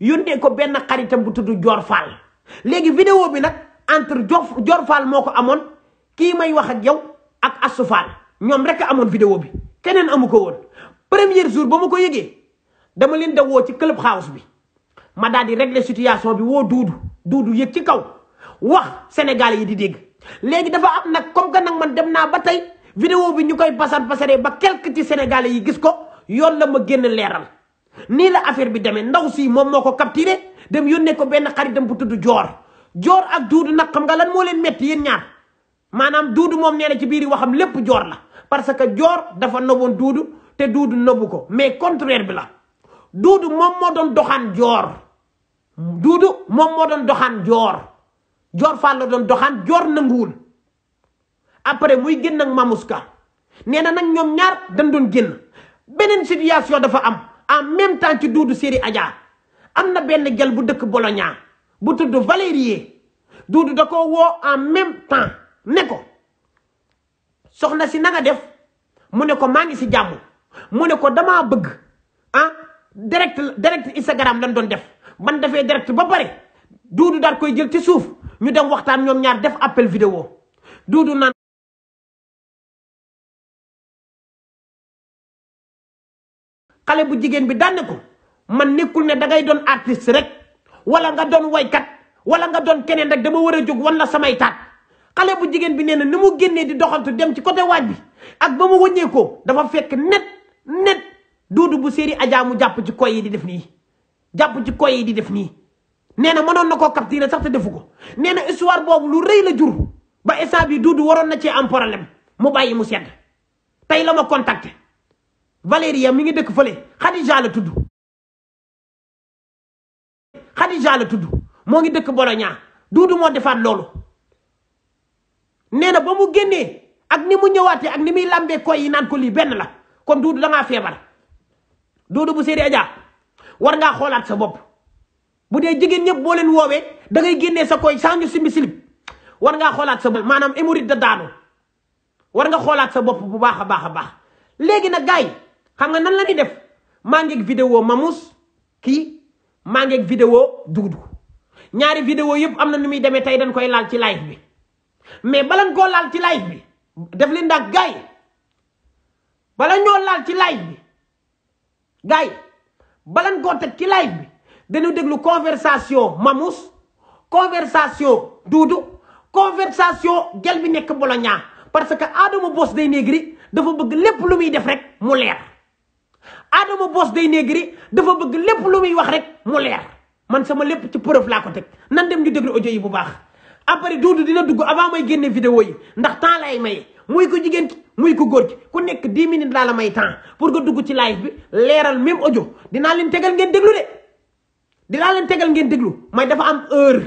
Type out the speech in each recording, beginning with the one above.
yónnee ko benn xaritam bu tudd Dior Fall léegi vidéo bi nag entre Dior Fall moo ko amoon kii may wax ak yow ak Astou ñoom rek amoon vidéo bi keneen amu ko woon. premier jour ba ma ko yëgee dama leen da woo ci club house bi ma daal di régler situation bi woo duudu duudu yëg ci kaw wax Sénégal yi di dégg léegi dafa am nag comme que nag man dem naa ba tey vidéo bi ñu koy pasar pasaree ba quelque ci Sénégal yi gis ko yoon la ma génn leeral. nii la affaire bi demee ndaw si moom moo ko capturé dem yónnee ko benn xaritam bu tudd joor joor ak duudu nag xam nga lan moo leen métti yéen ñaar maanaam duudu moom nee na ci biir waxam lépp joor la parce que joor dafa noboon duudu te duudu nobu ko mais contraire bi la duudu moom moo doon doxaan joor duudu moom moo doon doxaan joor joor Fall la doon doxaan joor nanguwul après muy génn ak Mamouska nee na nag ñoom ñaar dañ doon génn beneen situation dafa am. en même temps ci duudu série Adja am na benn gel bu dëkk Bologna bu tudd Valérie duudu da ko woo en même temps ne ko soxna si nanga def mu ne ko maa ngi si jàmm mu ne ko damaa bëgg ah direct direct Instagram lañ doon def ban dafee direct ba pare duudu daal koy jël ci suuf ñu dem waxtaan ñoom ñaar def appel vidéo duudu naan xale bu jigéen bi daan ne ko man nekkul ne dangay doon artiste rek wala nga doon waykat wala nga doon keneen rek dama war a jóg wan la samay taat xale bu jigéen bi nee na ni mu génnee di doxantu dem ci côté waaj bi ak ba mu wëññeekoo dafa fekk net net duudu bu séeri Adja mu jàpp ci koy yi di def nii jàpp ci koy yi di def nii nee na mënoon na koo capturé sax te defu ko nee na histoire boobu lu rëy la jur ba instant bi duudu waroon na cee am problème mu bàyyi mu sedd tey la ma contacté Valéria mi ngi dëkk fële Khadija la tudd Khadija moo ngi dëkk Bologna Duudu moo defaat loolu nee na ba mu génnee ak ni mu ñëwaatee ak ni muy lambee koy yi naan ko benn la kon Duudu da ngaa feebar Duudu bu Seydi Adja war ngaa xoolaat sa bopp bu dee jigéen ñëpp boo leen woowee da ngay génnee sa koy sans ñu simbi silib war ngaa xoolaat sa bopp maanaam émoride da daanu war nga xoolaat sa bopp bu baax a baax a baax léegi nag gars xam nga nan la di def maa ngeeg vidéo Mamousse kii maa ngeeg vidéo Doudou ñaari video yëpp am na nu muy demee tey dañ koy laal ci live bi mais balan koo laal ci live bi def leen ndax bala ñoo laal ci live bi gars yi balan koo teg ci live bi dañu déglu conversation mamus conversation Doudou conversation gel bi nekk Bologna parce que Adama bos Day néegri dafa bëgg lépp lu muy def rek mu leer Adama Boss Dey Negri dafa bëgg lépp lu muy wax rek mu leer man sama lépp ci preuve laa ko teg nan dem ñu déglu audio yi bu baax après Doudou dina dugg avant may génne vidéo yi ndax temps laay maye muy ko jigéen ki muy ko góor ki ku nekk 10 minutes laa la may temps pour nga dugg ci live bi leeral même audio dinaa leen tegal ngeen déglu de dinaa leen tegal ngeen déglu may dafa am heure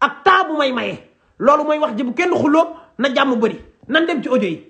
ak temps bu may maye loolu mooy wax ji kenn xuloo na jàmm bëri nan dem ci audio yi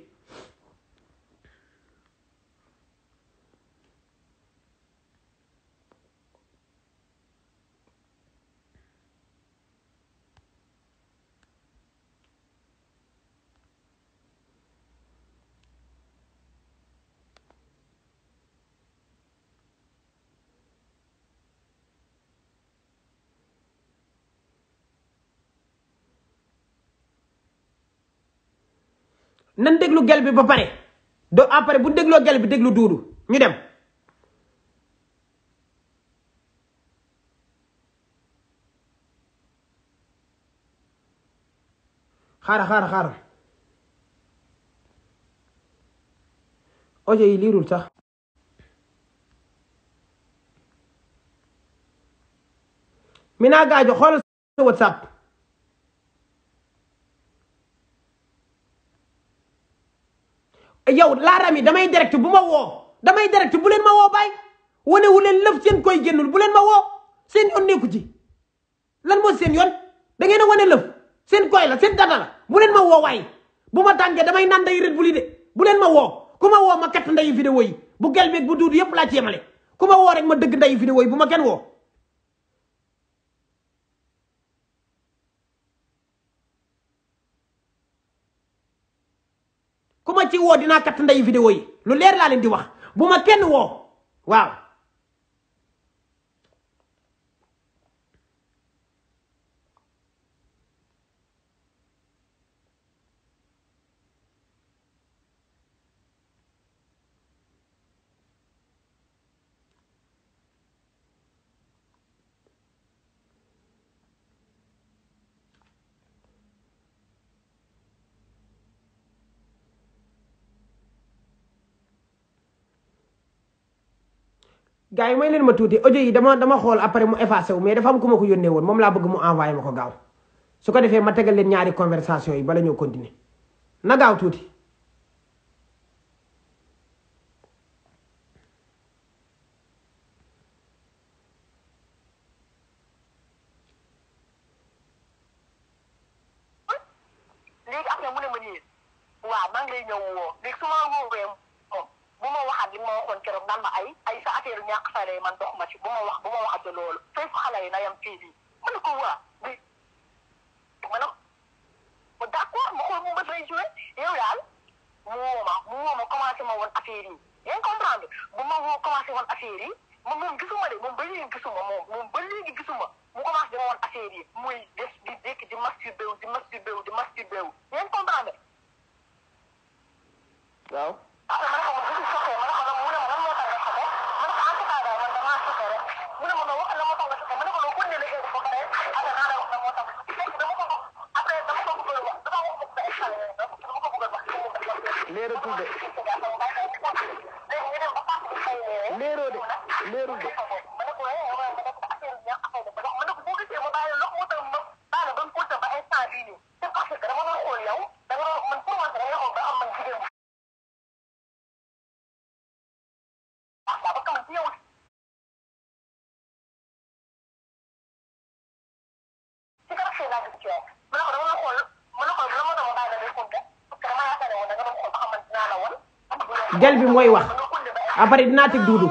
nan déglu gel bi ba pare do après bu dégloo gel bi déglu duudu ñu dem xaaral xaaral xaaral ojo yi liirul sax mi naa gaajo xoolal sa whatsapp yow laaram yi damay direct bu ma woo damay direct bu leen ma woo baay wane wu leen lëf seen koy génnul bu leen ma woo seen yoon nekku ci lan moo seen yoon da ngeen a wane lëf seen koy la seen data bu leen ma woo waay bu ma tàngee damay naan nday rët bu li de bu leen ma woo ku ma woo ma katt nday vidéo yi bu gel beeg bu duud yëpp laa ci yemale ku ma woo rek ma dëgg nday vidéo yi bu ma kenn woo ku ma ci woo dinaa katt nday vidéo yi lu leer laa leen di wax bu ma kenn woo waaw gaa yi may leen ma tuuti audio yi dama dama xool après mu effacé wu mais dafa ku ma ko yónnee woon moom laa bëgg mu envoyé ma ko gaaw su ko defee ma tegal leen ñaari conversation yi bala ñoo continuer na ñëw ma woowee moom affaire ñàkk fayda yi man dox ma ci bu ma wax bu ma waxati loolu fépp xale yi na yem fii bi ma ne ko waa bi ma ne ko d' accord ma xool mu bët lay joué yow daal mu woo ma mu woo ma commencé ma woon affaire yi yaa ngi bu ma woo commencé woon affaire yi moom moom gisuma de moom ba léegi gisuma moom moom léegi gisuma mu commencé dama woon affaire yi muy des di dékk di masturbé di masturbé wu di masturbé wu yaa ngi comprendre leeratul de leeroo de leerul de mooy wax après dinaa teg duudu.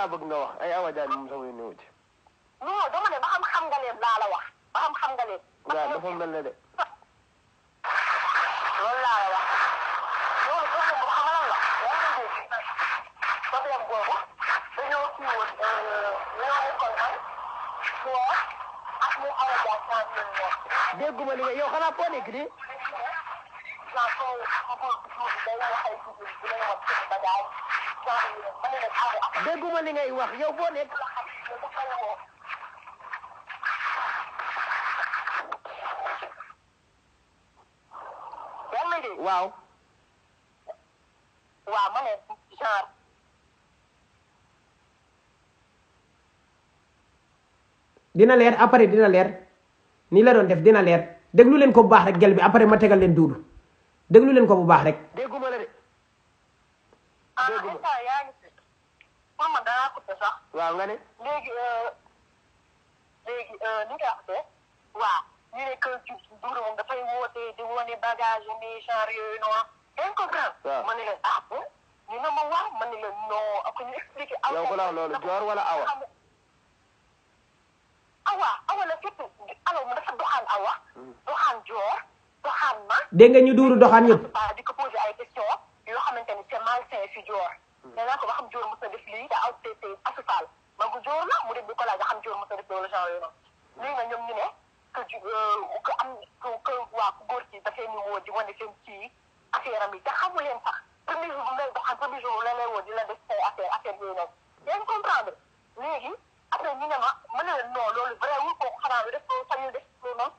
laa bëgg nga ay awa jaani moom sama yoon ñëw ci. non dama ne ba xam xam nga leen laa la xam xam nga leen. waaw dafa mel ne de. loolu laa la wax xam nga lan la lan la dégg problème boobu dañoo kii woon mu awa jaan saa naa ko ko day dégguma li ngay wax yow boo nekk. waaw. waaw ma dina leer après dina leer ni la doon def dina leer déglu leen ko bu baax rek gel bi après ma tegal leen duudu déglu leen ko bu baax rek. aa nga instant yaa ngi fi pour man danaa coupé sax. waaw nga ne. léegi euh, léegi li euh, nga wax de waaw ñu ne que Doudou moom dafay woote di wane bagage ni yooyu noonu. dañ ko gën. waaw ma ne leen ah bon ñu ne ma ni ma ne leen non joor wala awa. awa awa la surtout alors mu dafa doxaan awa. Hmm. doxaan joor doxaan ma. dégg nga ñu Doudou doxaan ñëpp. di ko posé ay questions. yoo xamante ni c'est malsain si joor nee naa ba xam joor mos na def lii daa aw te asufal man ko joor la mu dem ko laaj xam joor mos na def loolu genre yooyu noonu lii nga ñoom ñu ne que euh, que am que waa ku góor ci dafee ni woo di wane seen ci affaire am yi te premier jour la lay di la def say affaire affaire yooyu noonu yaa comprendre léegi après ñu ne ma mën na leen non loolu vrai wul kooku xanaa lu def loolu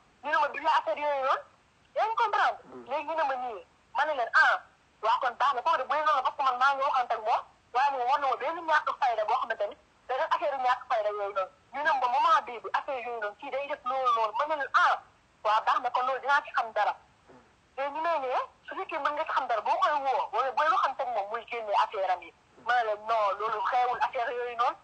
waaw kon baax na kooku de bu dee noonu la parce que man maa ngi waxante ak moom waaye moom war na ma benn ñàkk fayda boo xamante ni da nga affaire ñàkk fayda yooyu noonu ñu ne ba moment bii bi affaire yooyu noonu kii day def loolu noonu mën na leen ah waaw baax na kon loolu dinaa ci xam dara te ñu ne ne su fekkee mën nga ci xam dara boo koy woo wala booy waxante ak moom muy génnee affaire am yi ma ne leen non loolu xeewul affaire yooyu noonu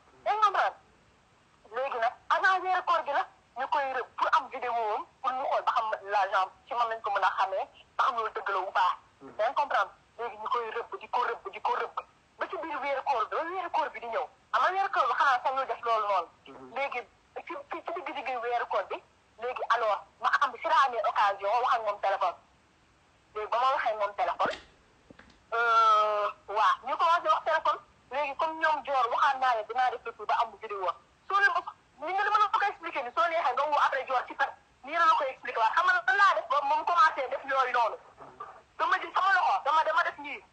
ñii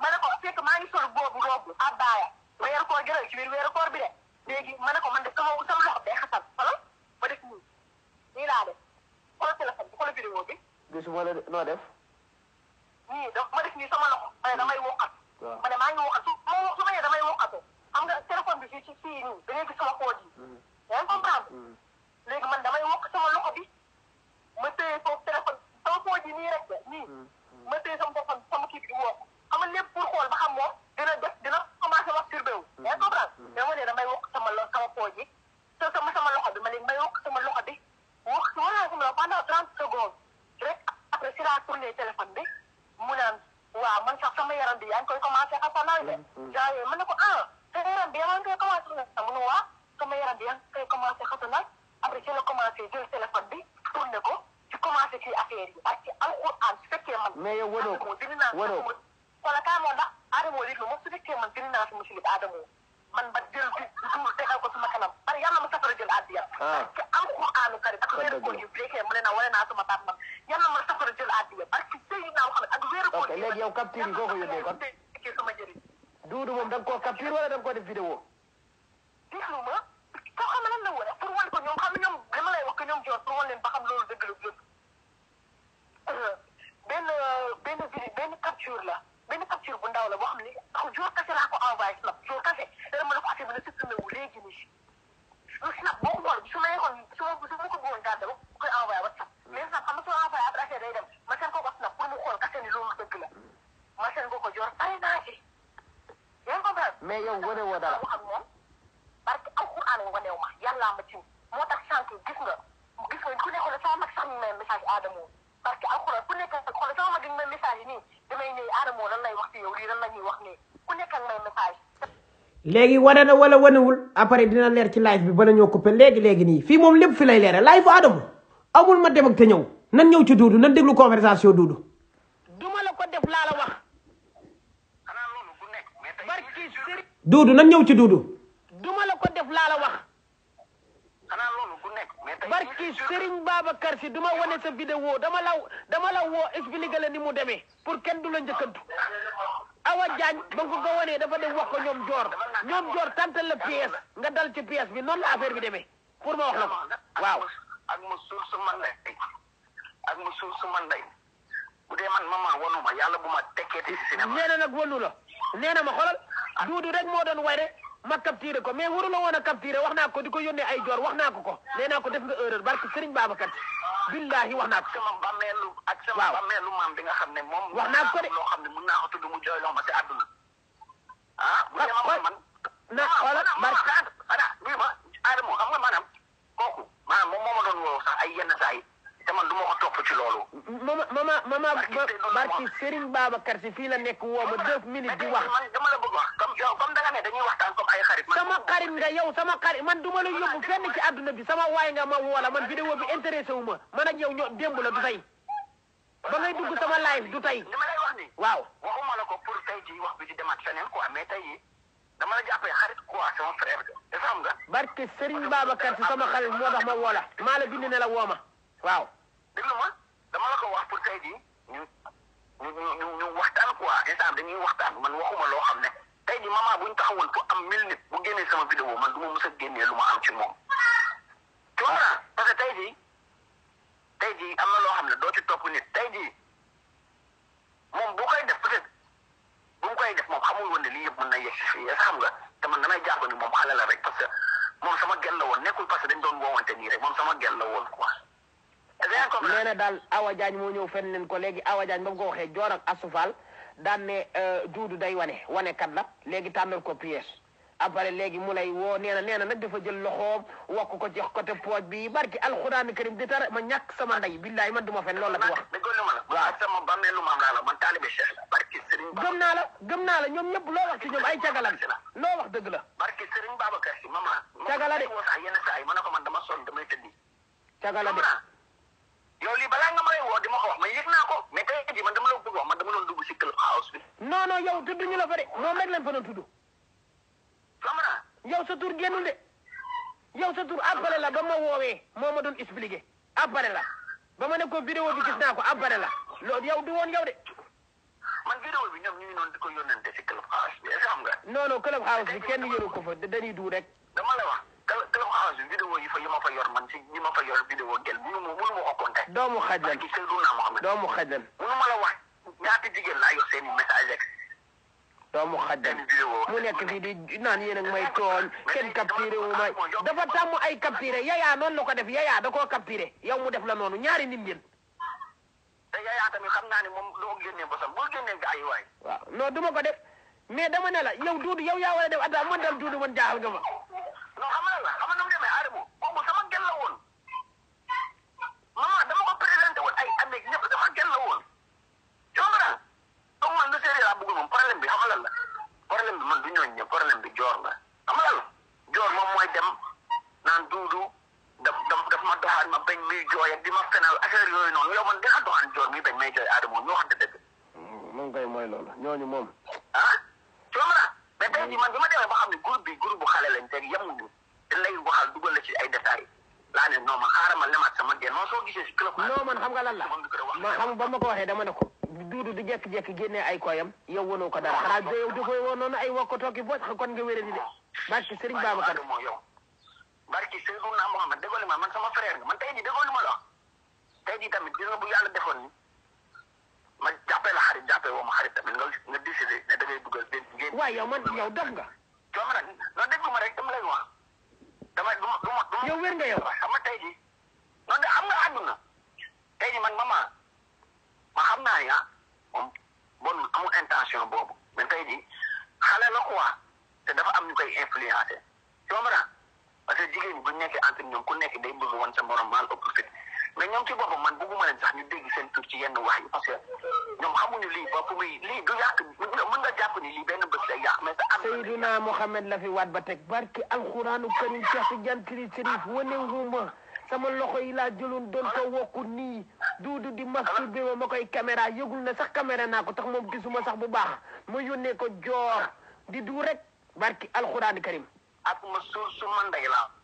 ma ne ko fekk maa ngi sol boobu roobu abbaaya weeru koor jëlal ci biir weeru koor bi de léegi ma ne ko man de sama sama loxo day xasan wala ma def nii nii laa def xoolal téléphone bi xoolal vidéo bi. gisuma la noo def. nii da ma def nii sama loxo ma ne damay woqat. waaw ma ne maa ngi woqat su ma ma nee damay woqatoo xam nga téléphone bi fii ci fii nii da ngay gis sama xooj yi. Mm-hmm. yaa ngi comprendre. Mm-hmm. léegi damay wokk sama loxo bi ma téye foofu téléphone sama xooj yi nii rek mm-hmm. ma téye sama boppam sama kii bi di woo xam nga lépp pour xool ba xam moom dina def dina commencé wax sur beewu mm-hmm. yaa ngi comprendre mais ma ne damay wokk sama lo sama pooj yi ma sama sama loxo bi ma ne may wokk sama loxo bi wax wala sama loxo pendant trente secondes rek après si laa tourné téléphone bi mu naan waaw man sax sama yaram bi yaa koy commencé xasanaay de genre man ne ko ah sa yaram bi yaa ngi koy commencé xasanaay mu ne waaw sama yaram bi yaa ngi koy commencé xasanaay après si la commencé jël téléphone bi tourné ko commencé ci affaire yi parce que alxuraan su fekkee man. mais yow wëroo ko wëroo ko wala kaa moo ndax Adamo léegi moom su fekkee man dindi naa sama silib Adamo man ba jël bi duur tegal ko sama kanam parce que yàlla ma safara jël addiya. Ah. parce que alxuraanu kari ak weeru koor yu fekkee mu ne na wala naa sama baat man yàlla ma safara jël addiya parce que tey naa xam ne ak weeru koor. ok léegi yow capture yi koo ko yóbbee kon. Duudu moom da nga koo capture wala da nga koo def vidéo. déglu ma. léegi wane na wala wanewul après dina leer ci live bi bala ñëw coupé léegi léegi nii fii moom lépp fi lay leere live bu Adamo amul ma dem ak te ñëw nan ñëw ci duudu nan déglu conversation Doudou. duma la ko def laa la wax. barki sëriñ. Doudou nan ñëw ci Doudou. duma la ko def laa la wax. barki Serigne Babacar duma wane sa vidéo dama la dama la woo expliqué ni mu demee pour kenn du la njëkkantu. Ah, Awa Diagne ba nga ko wanee dafa dem wax ko ñoom joor ñoom joor tantal la pièce nga dal ci pièce bi noonu la affaire bi demee pour ma wax la ko waaw. ak mu suuf su man day ak mu suuf su man day bu dee man maman wanu ma yàlla bu ma tekkeeti si cinéma. nee na nag wanu la nee na ma xoolal duudu rek moo doon way rek ma capturé ko mais waru la woon a capturé wax naa ko di ko yónnee ay joor wax naa ko ko nee naa ko def nga erreur barke Serigne Babacar. billahi wax naa ko. ak sama bàmmeelu ak sama bàmmeelu maam bi nga xam ne moom. wax naa ko de loo xam ne mën naa ko tudd mu jooyloo ma te àdduna. ah bu dee ma man. na xoolal barke. ana ma Adamo xam nga maanaam kooku maanaam moom moo ma doon woo sax ay yenn saa yi te man du ma ko topp ci loolu. mama mama mama barki Serigne Babacar si fii la nekk woo ma deux minutes di wax. man dama la bëgg wax comme yow comme danga ne dañuy waxtaan comme ay xarit. sama xarit nga yow sama xarit man du ma la yóbbu fenn ci àdduna bi sama waay nga ma woola man vidéo bi intéressé wu ma man ak yow ñoo démb la du tey ba ngay dugg sama live du tey. waaw waxuma la ko pour tey jii wax bi di demaat feneen quoi mais tey jii dama la jàppee xarit quoi sama frère nga. barke Serigne Babacar si sama xarit moo tax ma woola maa la bind ne la wooma waaw. déglu ma dama la ko wax pour tey jii ñu ñu ñu ñu waxtaan quoi instant dañuy waxtaan man waxuma loo xam ne tey jii maman bu ñu taxawoon ko am mille nit bu génnee sama vidéo man du ma mës a génnee lu ma am ci moom. tu vois parce que tey jii tey jii am na loo xam ne doo ci topp nit tey ji moom bu koy def peut être bu mu koy def moom xamul woon ne lii yëpp mën na yegg si fii xam nga te man damay ni moom xale la rek parce que moom sama gel la woon nekkul parce que dañ doon woowante nii sama gel la woon quoi. Ah, nee na daal Awa Diagne moo ñëw fen leen ko léegi Awa Diagne ba mu ko waxee joor ak asufal daan ne euh, duudu day wane wane kat la léegi tànnal ko pièce après léegi mu lay woo nee na nee na nag dafa jël loxoom wokk ko ci côté pooj bi barki alxuraani karim di tara ma ñàkk sama ndey billaay man duma fen loolu la di wax waaw sama bàmmeelu maam gëm naa la gëm naa la ñoom ñëpp loo wax ci ñoom ay cagalan loo wax dëgg la barki Serigne Babacar Si mama cagala de yi ma ne ko man dama sonn damay tëddi cagala de yow lii balaa nga may woo di ma ko naa ko mais tey jii man dama la bëgg wax man dama doon dugg si club house bi. non non yow tudd ñu la fa de moom rek lañ fa doon tudd. Famara. yow sa tur génnul de yow sa tur après la ba ma woowee moo ma doon expliqué après la ba ma ne ko vidéo bi gis naa ko après la loolu yow du woon yow de. man vidéo bi ñoom ñu ngi noonu di ko yónnante si club house bi nga. non non club house bi kenn yëru ko fa dañuy du rek. dama la wax. parce que yi fa yi ma fa yor man si doomu xajlan parce que Seydouna Mohamed. doomu xajlan mu nekk fii di naan yéen ak may tooñ kenn capturé wu may dafa tàmm ay capturé yayaa noonu la ko def yayaa da koo capturé yow mu def la noonu ñaari nit ngeen. te yayaa xam naa ne moom doo génnee bosam boo ay waay. ko def mais dama ne la yow duudu yow yaa war a def atta man dal duudu man jaaxal nga affaire yooyu noonu yow man nga doxaan joor mi bañ may jooy Adamo ñoo xam te dëgg. Mm, moom kay mooy loolu ñooñu moom. ah coono la mais tey jii man bi ma demee ba xam ne groupe bi groupe bu xale lañ teg yemuñu dañ lay waxal dugal la ci ay détails laa ne non ma xaaral ma lemaat sama génn man soo gisee si club. non man xam nga lan la man xam ba ma ko waxee dama ne ko. duudu di jékki-jékki génnee ay koyam yow wonoo ko dara xanaa yow di koy woon noonu ay wokkatoo ki boo kon nga wéré di de barki Serigne Babacar. barki Serigne Babacar Mouhamed déggoo li ma man sama frère nga man tey jii déggoo li ma la wax tey jii tamit gis nga bu yàlla defoon ni ma jàppee la xarit jàppee woo ma xarit tamit nga nga décidé ne da ngay dugal benn ngeen. waaw man yow dof nga. coono ma nag non déglu ma rek dama lay wax dama du ma du ma. yow nga yow. xam nga tey jii non de xam nga na tey jii man mama ma xam naa ya ah, moom bon amul intention boobu mais tey jii xale la quoi te dafa am ñu koy influencé coono ma parce que jigéen bu nekkee entre ñoom ku nekk day bëgg woon sa morom maal ëpp mais ñoom ci boppam man bëgguma leen sax ñu dégg seen tur ci yenn wax yi parce que ñoom xamuñu lii ba fu muy lii du yàq mën nga jàpp ni lii la fi waat ba teg barki alxuraanu karim Cheikh Tidiane Chérif Chérif wanewuma sama loxo yi laa jëloon doon ko wokku nii duudu di masturbé ma ma koy caméra yëgul na sax caméra naa ko tax moom gisuma sax bu baax ma yónnee ko joor di du rek barki alxuraanu karim ak ma suur su ma ndey laa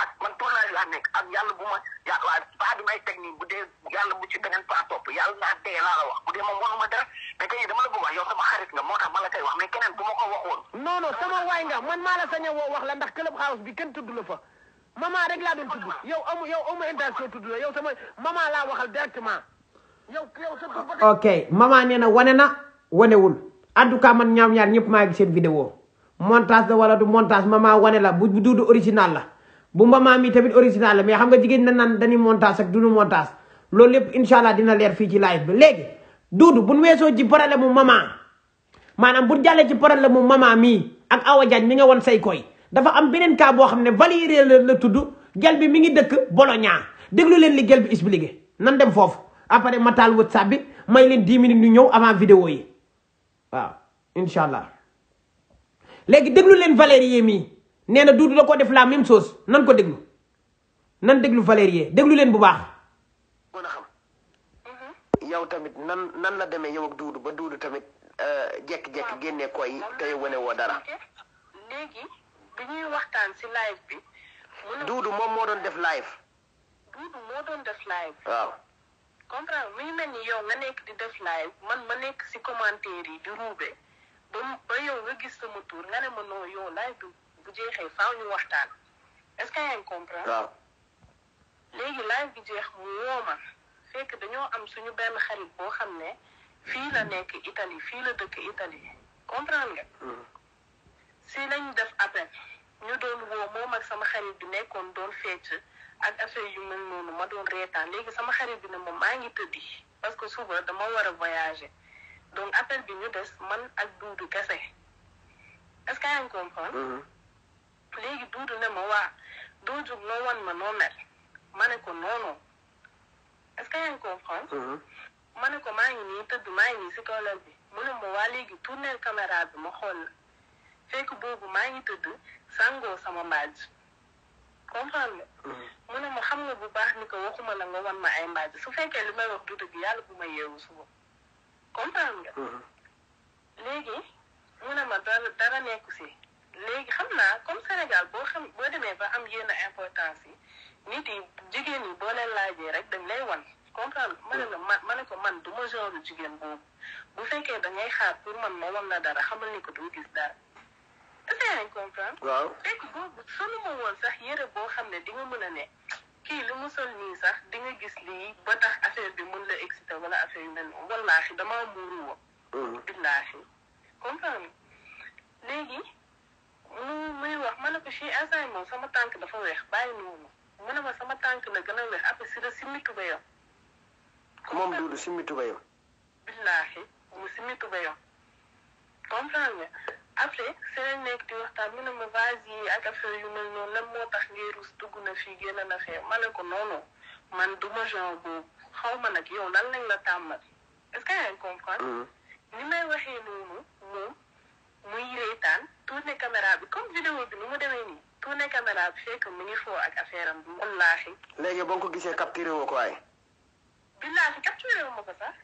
ak man tournage laa nekk ak yàlla bu ma yàlla waaye paa bi may teg bu ci beneen paa topp yàlla naa dee laa la wax bu dee moom wonuma dara mais tey la sama mais keneen bu ma ko wax waay nga man maa la sañ a woo wax la ndax club house bi kenn tudd la fa maman rek laa doon tudd yow amu yow amu intention tudd la yow sama maman laa waxal directement ma yow ok maman nee na wane na wanewul wul tout cas man ñaam yaar ñëpp maa ngi seen vidéo montage la wala du montage maman wane la bu duudu original la bu Maam yi tamit original la mais xam nga jigéen na naan dañuy montage ak du ñu montage loolu lépp incha dina leer fii ci live bi léegi duudu bu ñu weesoo ci problème mu maman maanaam bu jàllee ci la mu maman mii ak Awa Diagne mi nga won say koy dafa am beneen cas boo xam ne Valérie la la tudd gel bi mi ngi dëkk Bologna déglu leen li gel bi expliqué nan dem foofu après ma taal WhatsApp bi may leen 10 minutes ñu ñëw avant vidéo yi waaw incha allah léegi déglu leen Valérie nee na Doudou da ko def la même soos nan ko déglu nan déglu Valérie déglu leen bu baax. mën a xam. yow tamit nan nan la demee yow ak Doudou ba Doudou tamit euh, jékki-jékki génnee koy te wane woo dara. léegi bi ñuy waxtaan ci live bi. Doudou moom moo doon def live. Doudou moo doon def live. waaw. comprendre mi ngi mel ni yow nga nekk di def live man ma nekk ci commentaire yi di ruube ba yow nga gis sama tur nga ne ma noo yow live bi. bu jeexee faaw ñu waxtaan est-ce que yaa ngi léegi live bi jeex mu woo ma fekk dañoo am suñu benn xarit boo xam ne fii la nekk Italie fii la dëkk Italie comprendre nga. Hmm. si lañ def appel ñu doon woo moom ak sama xarit bi nekkoon doon fecc ak affaire yu mel noonu ma doon reetaan léegi sama xarit bi ne moom maa ngi tëddi parce que suba dama war a voyager donc appel bi ñu des man ak Duudu kese est-ce que léegi duudu ne ma waa doo jóg noo wan ma noo mel ma ne ko noonu est-ce que yaa ngi comprendre mm-hmm. ma ne ko maa ngi nii tëdd maa ngi nii bi mu ne ma waa léegi tourneel caméra bi ma xool la fekk boobu maa ngi tëdd sàngoo sama mbaaj comprendre mm-hmm. mu ne ma xam nga bu baax ni ko waxuma la nga wan ma ay mbaaj su fekkee li may wax du dëgg yàlla bu ma yeewu suba comprendre nga mm-hmm. mu ne ma dara dara nekku si léegi xam naa comme Sénégal boo xam boo demee ba am yenn importance yi nit yi jigéen yi boo leen laajee rek dem lay wan comprendre ma ne ma ne ko man du ma genre jigéen boobu bu fekkee da ngay xaar pour man ma wan la dara xamal ni ko du gis dara est-ce que yaa comprendre. waaw fekk boobu solu ma woon sax yére boo xam ne di nga mën a ne kii li mu sol nii sax di nga gis lii ba tax affaire bi mun la excité wala affaire yu mel noonu wallaahi damaa muuru woon. Mm-hmm. billaahi comprendre léegi. mu muy wax ma ne ko ci instant sama tànk dafa weex bàyyi noonu mu ne ma sama tànk na gën a weex après si la simmitu ba yom moom duudu simmitu ba yom billaahi mu simmitu ba yom comprendre nga après si nekk di waxtaan mu ne ma vase a ak affaire yu mel noonu moo tax ngay rus dugg na fii génn na fee ma ne ko noonu man duma genre boobu xaw ma nag yow lan lañ la tàmmal est-ce que yaa ngi comprendre mm-hmm. ni may waxee moom muy reetaan tourné caméra bi comme vidéo bi nu mu demee nii tourné caméra bi fekk mu ngi foo ak affaire am bi wallaahi. léegi boo ko gisee capturé wo ko waaye. billaahi capturé wu ma ko sax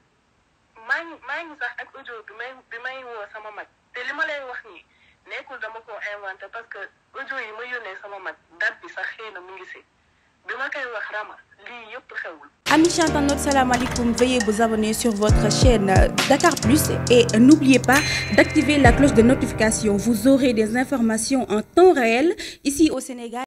maa ngi maa ngi sax ak audio bi may bi may woo sama mag te li ma lay wax nii nekkul dama ko inventé parce que audio yi ma yónnee sama mag date bi sax xëy na mu ngi si. bi ma koy wax Rama lii yëpp xewul. Amis internautes salaamaaleykum veuillez vous abonner sur votre chaîne Dakar Plus et n'oubliez pas d'activer la cloche de notification vous aurez des informations en temps réel ici au Sénégal.